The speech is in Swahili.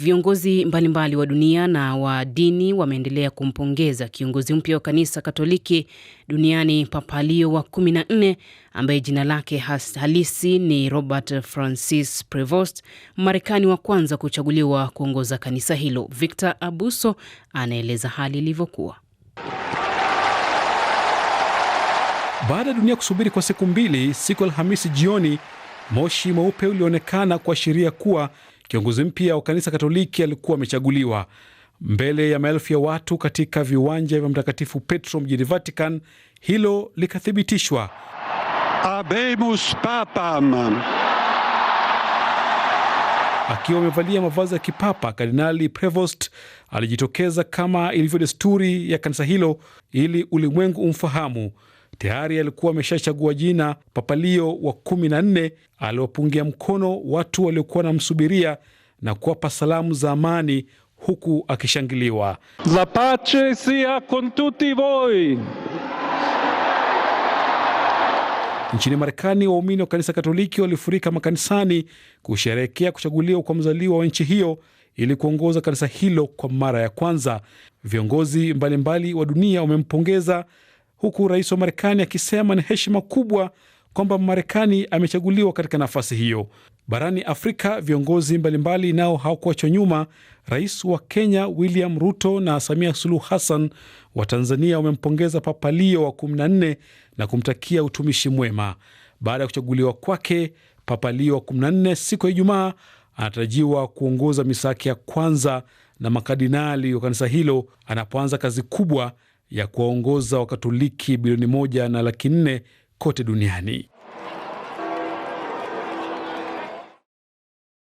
Viongozi mbalimbali wa dunia na wa dini wameendelea kumpongeza kiongozi mpya wa kanisa Katoliki duniani Papa Leo wa kumi na nne ambaye jina lake halisi ni Robert Francis Prevost, Marekani wa kwanza kuchaguliwa kuongoza kanisa hilo. Victor Abuso anaeleza hali ilivyokuwa. Baada ya dunia kusubiri kwa siku mbili, siku Alhamisi jioni moshi mweupe ulionekana kuashiria kuwa Kiongozi mpya wa kanisa Katoliki alikuwa amechaguliwa mbele ya maelfu ya watu katika viwanja vya Mtakatifu Petro mjini Vatican. Hilo likathibitishwa. Abemus papam. Akiwa amevalia mavazi ya kipapa, Kardinali Prevost alijitokeza kama ilivyo desturi ya kanisa hilo ili ulimwengu umfahamu tayari alikuwa ameshachagua jina Papalio wa kumi na nne aliwapungia mkono watu waliokuwa wanamsubiria na kuwapa salamu za amani huku akishangiliwa la pace sia con tutti voi. Nchini Marekani, waumini wa kanisa Katoliki walifurika makanisani kusherehekea kuchaguliwa kwa mzaliwa wa nchi hiyo ili kuongoza kanisa hilo kwa mara ya kwanza. Viongozi mbalimbali mbali wa dunia wamempongeza huku rais wa Marekani akisema ni heshima kubwa kwamba Marekani amechaguliwa katika nafasi hiyo. Barani Afrika, viongozi mbalimbali nao hawakuachwa nyuma. Rais wa Kenya William Ruto na Samia Suluhu Hassan wa Tanzania wamempongeza Papa Leo wa 14 na kumtakia utumishi mwema. Baada ya kuchaguliwa kwake, Papa Leo wa 14 siku ya Ijumaa anatarajiwa kuongoza misa yake ya kwanza na makardinali wa kanisa hilo anapoanza kazi kubwa ya kuwaongoza Wakatoliki bilioni moja na laki nne kote duniani.